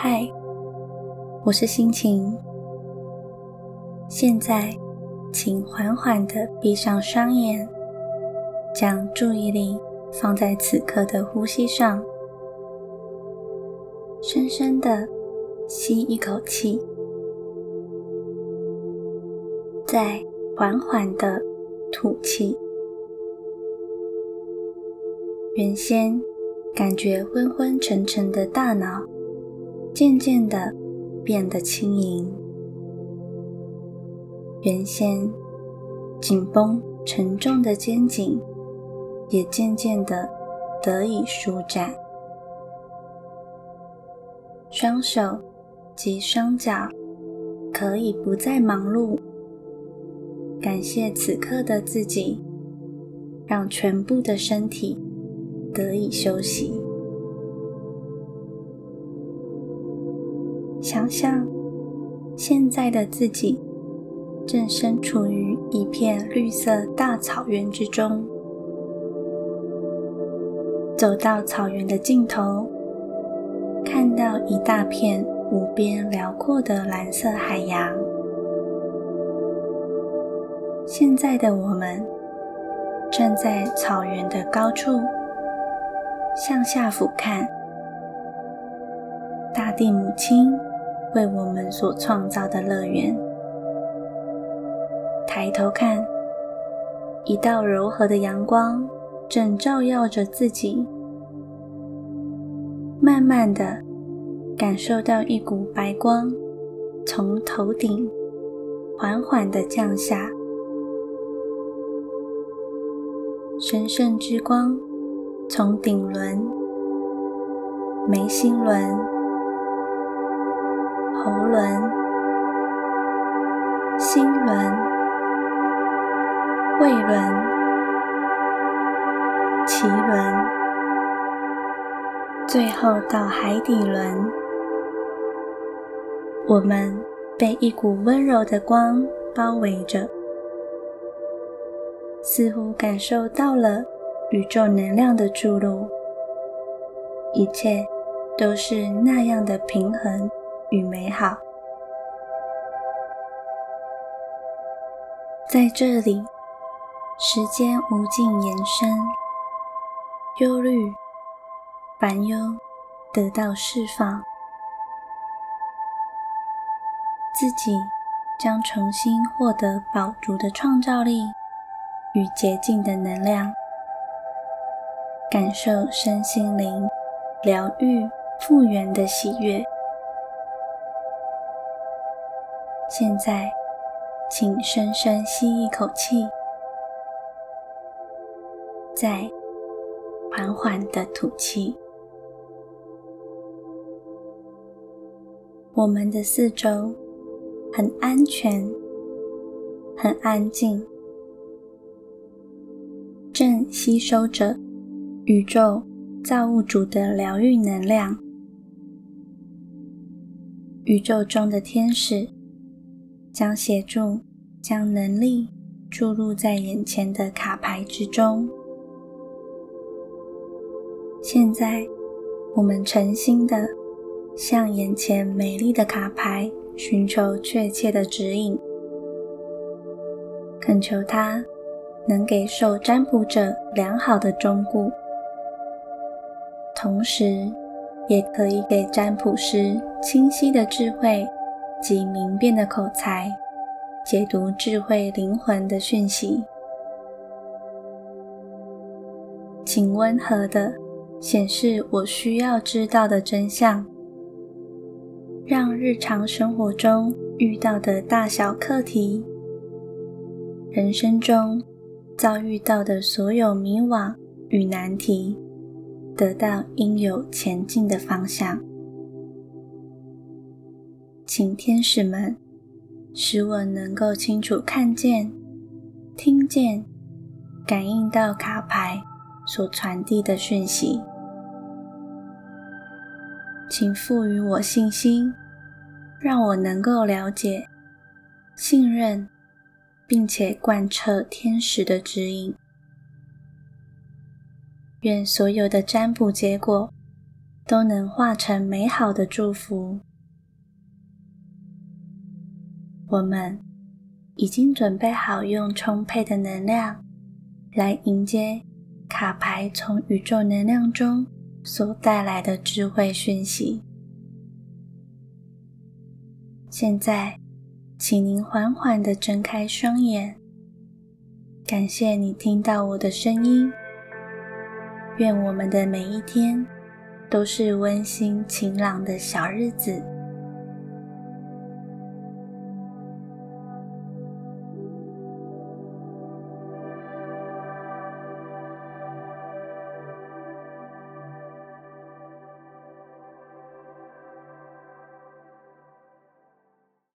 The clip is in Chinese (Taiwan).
嗨，Hi, 我是馨晴。現在，請緩緩地閉上雙眼，將注意力放在此刻的呼吸上。深深地吸一口氣，再緩緩地吐氣。原先感覺昏昏沉沉的大腦，漸漸的變得輕盈，原先緊繃沉重的肩頸也漸漸的得以舒展，雙手及雙腳可以不再忙碌。感謝此刻的自己，讓全部的身體得以休息。想像，現在的自己正身處於一片綠色大草原之中。走到草原的盡頭，看到一大片無邊遼闊的藍色海洋。現在的我們站在草原的高處，向下俯瞰大地母親為我們所創造的樂園。抬頭看，一道柔和的陽光正照耀着自己。慢慢的，感受到一股白光從頭頂緩緩的降下，神聖之光從頂輪、眉心輪。喉輪、心輪、胃輪、臍輪，最後到海底輪。我們被一股溫柔的光包圍着，似乎感受到了宇宙能量的注入，一切都是那樣的平衡。與美好，在這裡，時間無盡延伸，憂慮、煩憂得到釋放，自己將重新獲得飽足的創造力與潔淨的能量，感受身心靈療癒復原的喜悅。現在，請深深吸一口氣，再緩緩地吐氣。我們的四周很安全，很安靜，正吸收着宇宙造物主的療癒能量。宇宙中的天使。將協助將能力注入在眼前的卡牌之中。現在，我們誠心的向眼前美麗的卡牌尋求確切的指引，懇求它能給受占卜者良好的忠告。同時也可以給占卜師清晰的智慧，及明辨的口才，解讀智慧靈魂的訊息，請溫和的顯示我需要知道的真相，讓日常生活中遇到的大小課題，人生中遭遇到的所有迷惘與難題，得到應有前進的方向。請天使們使我能夠清楚看見、聽見、感應到卡牌所傳遞的訊息。請賦予我信心，讓我能夠了解、信任，並且貫徹天使的指引。願所有的占卜結果都能化成美好的祝福。我們已經準備好用充沛的能量來迎接卡牌從宇宙能量中所帶來的智慧訊息。現在，請您緩緩的睜開雙眼。感謝你聽到我的聲音。願我們的每一天都是溫馨晴朗的小日子。